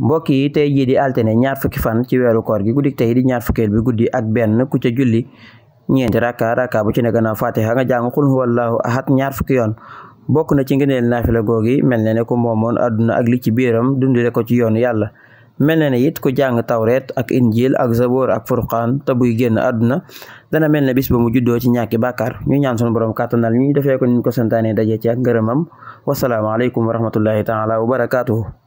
mbokk yi tey jii di altine ñaar fukki fan ci weeru koor gi guddik tey di ñaar fukkeel bi guddi ak benn ku ca julli ñeent rakka rakka bu ci nekka gannaaw fatiha nga jàng xul huwallahu ahad ñaar fukki yoon bokk na ci ngëneel naafila googi mel na ne ku moomoon àdduna ak li ci biiram dundile ko ci yoon yàlla mel na ne it ku jàng tawreet ak injil ak zabor ak furqaan te buy génn àdduna dana mel ne bis ba mu juddoo ci ñàkki bakar ñu ñaan sunu borom kàttanal ñu defee ko ñu ko santaanee daje ci ak ngërëmam wasalaamaaleykum wa rahmatullahi taala wa barakaatuhu